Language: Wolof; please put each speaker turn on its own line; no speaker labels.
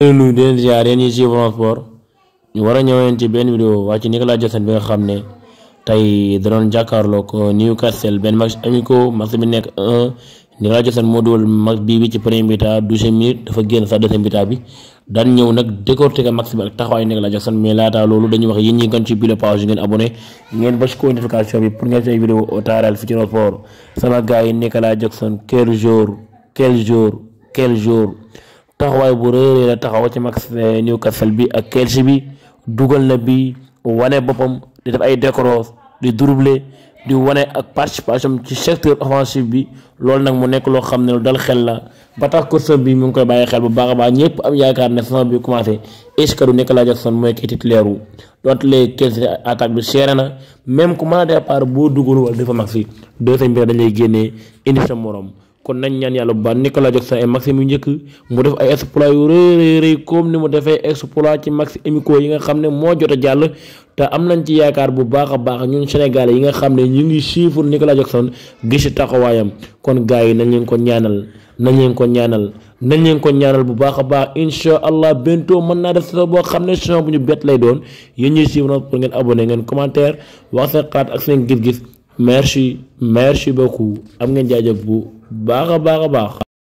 leen nuyu di leen ziar yéen ñi war a ñëween ci benn vidéo wàcc Nicolas Jackson bi nga xam ne tey da doon jàkkaarloog Newcastle benn match amico match bi nekk 1 Nicolas Jackson moo dugal match bii bi ci premier mi-temps douzième minute dafa génn sax deuxième mi-temps bi daan ñëw nag décortiquer match bi ak taxawaay Nicolas Jackson mais laataa loolu dañuy wax yéen ñi gan ci bile page ngeen abonné ngeen bës ko notification bi pour ngeen say vidéo au taaral fi ci sama gars yi Jackson quel jour taxawaay bu réerée la taxaw ci max eh, Newcastle bi ak Chelsea bi dugal na bi wane boppam di def ay décroche di dribble di wane ak participation ci secteur offensif bi loolu nag mu nekk loo xam ne lu dal xel la ba tax course bi mu ngi koy bàyyi xel bu baax a baax ñëpp am yaakaar ne saison bi commencé est-ce que du Jackson mooy ki titulaire wu donte les quinze attaque bi seere na même ku mën a départ boo dugal wala dafa mag si deux seen mbir kon nañ ñaan yàlla bu baax Nicolas Jackson ay maxim yu njëkk mu def ay exploit yu rëy rëy comme ni mu defee exploit ci maxi amicaux yi nga xam ne moo jot a jàll te am nañ ci yaakaar bu baax a baax ñun Sénégalais yi nga xam ne ñu ngi suivre Nicolas Jackson gis taxawaayam kon gaa yi nañ leen ko ñaanal nañ leen ko ñaanal nañ leen ko ñaanal bu baax a baax incha allah bientôt mën naa def saison boo xam ne saison bu ñu bett lay doon yéen ñuy suivre pour ngeen abonné ngeen commentaire wax seen xalaat ak seen gis-gis. merci merci beaucoup am ngeen jaajëf bu baax a baax a baax.